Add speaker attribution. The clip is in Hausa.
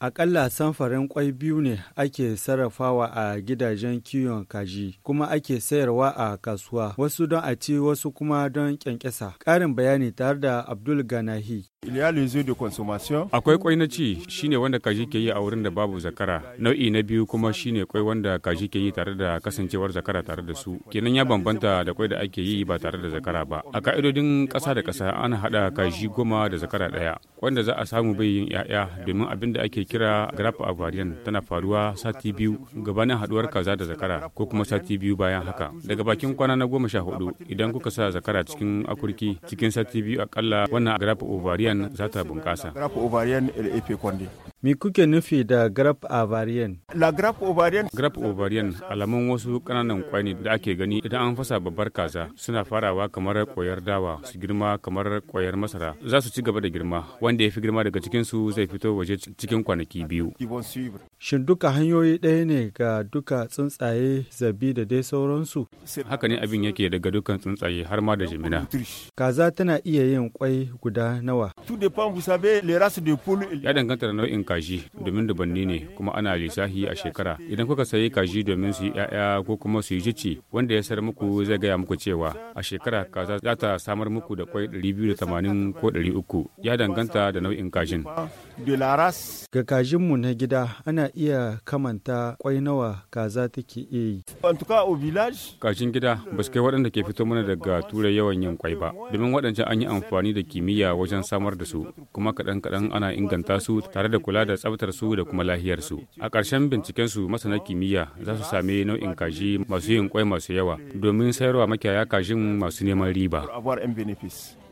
Speaker 1: Akalla samfarin kwai biyu ne ake sarrafawa a gidajen kiwon kaji, kuma ake sayarwa a kasuwa, wasu don a ci wasu kuma don ƙyanƙyasa. Ƙarin bayani tare da Abdul Ganahi.
Speaker 2: Akwai kwai na ci shi ne wanda kaji ke yi a wurin da babu zakara. Nau'i na biyu kuma shine kwai wanda kaji ke yi tare da kasancewar zakara tare da su. Kenan ya bambanta da kwai da ake yi ba tare da zakara ba. A ka'idodin ƙasa da ƙasa ana haɗa kaji goma da zakara ɗaya. Wanda za a samu bai yin ‘ya'ya domin abin da ake kira grap avarian tana faruwa sati biyu gabanin haɗuwar kaza da zakara ko kuma sati biyu bayan haka. Daga bakin kwana na goma sha hudu idan kuka sa zakara cikin akurki cikin sati biyu akalla wannan grap ovarian ovarian za ta bunƙasa
Speaker 1: Me kuke nufi da grap ovarian?
Speaker 2: La grap ovarian. Grap ovarian alamun wasu kananan kwani da ake gani idan an fasa babbar kaza suna farawa kamar koyar dawa su girma kamar koyar masara za su ci gaba da girma wanda ya fi girma daga cikin zai fito waje cikin kwanaki biyu.
Speaker 1: Shin duka hanyoyi ɗaya ne ga duka tsuntsaye zabi da dai sauransu?
Speaker 2: Haka ne abin yake daga dukan tsuntsaye har ma da jimina.
Speaker 1: Kaza tana iya yin kwai guda nawa.
Speaker 2: Ya danganta da nau'in kaji domin dubanni ne kuma ana lissafi a shekara idan kuka sayi kaji domin su yi 'ya'ya ko kuma su yi cici wanda ya sar muku zai gaya muku cewa a shekara kaza za ta samar muku da kwai 280 ko 300 ya danganta da nau'in kajin
Speaker 1: ga mu na gida ana iya kamanta kwai nawa kaza take iya yi
Speaker 2: kajin gida ba su kai waɗanda ke fito mana daga turai yawan yin kwai ba domin waɗancan an yi amfani da kimiyya wajen samar da su kuma kaɗan-kaɗan ana inganta su tare da kula kula da tsabtar su da kuma lahiyar su. A ƙarshen binciken su masana kimiyya za su sami nau'in kaji masu yin kwai masu yawa domin sayarwa makiyaya kajin masu neman riba.